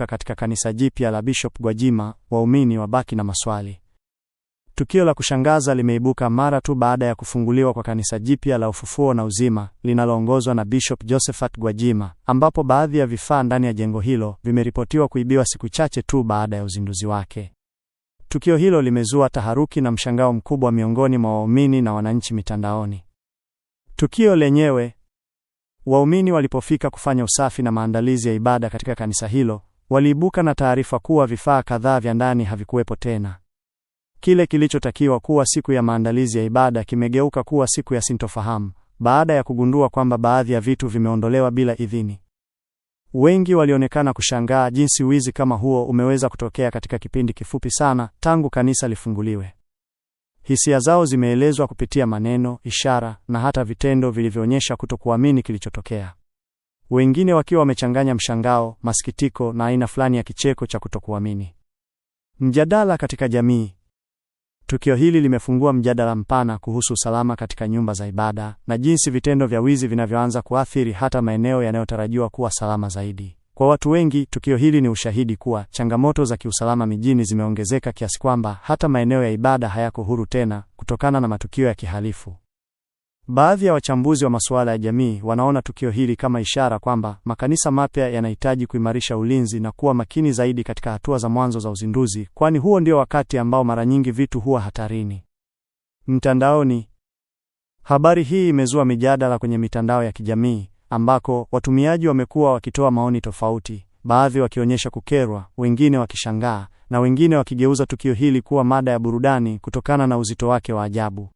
kutoka katika kanisa jipya la Bishop Gwajima, waumini wabaki na maswali. Tukio la kushangaza limeibuka mara tu baada ya kufunguliwa kwa kanisa jipya la Ufufuo na Uzima linaloongozwa na Bishop Josephat Gwajima, ambapo baadhi ya vifaa ndani ya jengo hilo vimeripotiwa kuibiwa siku chache tu baada ya uzinduzi wake. Tukio hilo limezua taharuki na mshangao mkubwa miongoni mwa waumini na wananchi mitandaoni. Tukio lenyewe Waumini walipofika kufanya usafi na maandalizi ya ibada katika kanisa hilo, waliibuka na taarifa kuwa vifaa kadhaa vya ndani havikuwepo tena. Kile kilichotakiwa kuwa siku ya maandalizi ya ibada kimegeuka kuwa siku ya sintofahamu baada ya kugundua kwamba baadhi ya vitu vimeondolewa bila idhini. Wengi walionekana kushangaa jinsi wizi kama huo umeweza kutokea katika kipindi kifupi sana tangu kanisa lifunguliwe. Hisia zao zimeelezwa kupitia maneno, ishara na hata vitendo vilivyoonyesha kutokuamini kilichotokea wengine wakiwa wamechanganya mshangao, masikitiko na aina fulani ya kicheko cha kutokuamini. Mjadala katika jamii. Tukio hili limefungua mjadala mpana kuhusu usalama katika nyumba za ibada na jinsi vitendo vya wizi vinavyoanza kuathiri hata maeneo yanayotarajiwa kuwa salama zaidi. Kwa watu wengi, tukio hili ni ushahidi kuwa changamoto za kiusalama mijini zimeongezeka kiasi kwamba hata maeneo ya ibada hayako huru tena kutokana na matukio ya kihalifu. Baadhi ya wachambuzi wa masuala ya jamii wanaona tukio hili kama ishara kwamba makanisa mapya yanahitaji kuimarisha ulinzi na kuwa makini zaidi katika hatua za mwanzo za uzinduzi, kwani huo ndio wakati ambao mara nyingi vitu huwa hatarini. Mtandaoni. Habari hii imezua mijadala kwenye mitandao ya kijamii ambako watumiaji wamekuwa wakitoa maoni tofauti, baadhi wakionyesha kukerwa, wengine wakishangaa na wengine wakigeuza tukio hili kuwa mada ya burudani kutokana na uzito wake wa ajabu.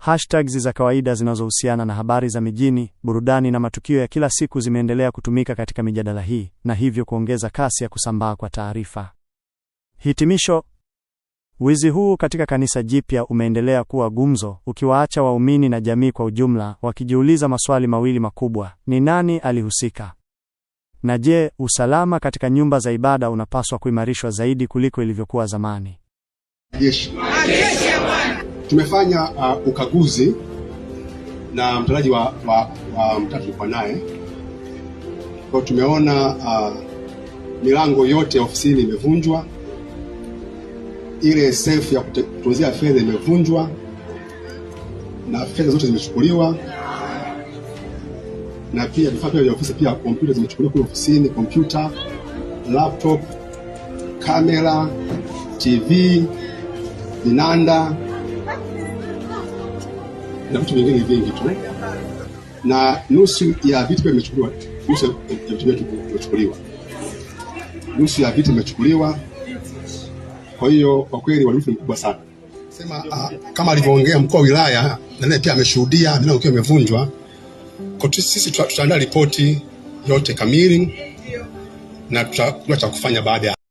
Hashtags za kawaida zinazohusiana na habari za mijini, burudani na matukio ya kila siku zimeendelea kutumika katika mijadala hii na hivyo kuongeza kasi ya kusambaa kwa taarifa. Hitimisho, wizi huu katika kanisa jipya umeendelea kuwa gumzo, ukiwaacha waumini na jamii kwa ujumla wakijiuliza maswali mawili makubwa: ni nani alihusika? Na je, usalama katika nyumba za ibada unapaswa kuimarishwa zaidi kuliko ilivyokuwa zamani? Yes. Tumefanya uh, ukaguzi na mtendaji wa, wa, wa mtaa tulikuwa naye kwa, tumeona uh, milango yote ya ofisini imevunjwa, ile safe ya kutunzia fedha imevunjwa na fedha zote zimechukuliwa, na pia vifaa vya ofisi, pia kompyuta zimechukuliwa kule ofisini, kompyuta, laptop, kamera, TV, vinanda na vitu vingine vingi tu, na nusu ya vitu vimechukuliwa, nusu ya vitu vimechukuliwa, nusu ya vitu vimechukuliwa. Kwa hiyo kwa kweli uharibifu ni mkubwa sana. Sema uh, kama alivyoongea mkuu wa wilaya na naye pia ameshuhudia milango ikiwa imevunjwa. Kwa sisi tutaandaa ripoti yote kamili na tutakuwa cha kufanya baada ya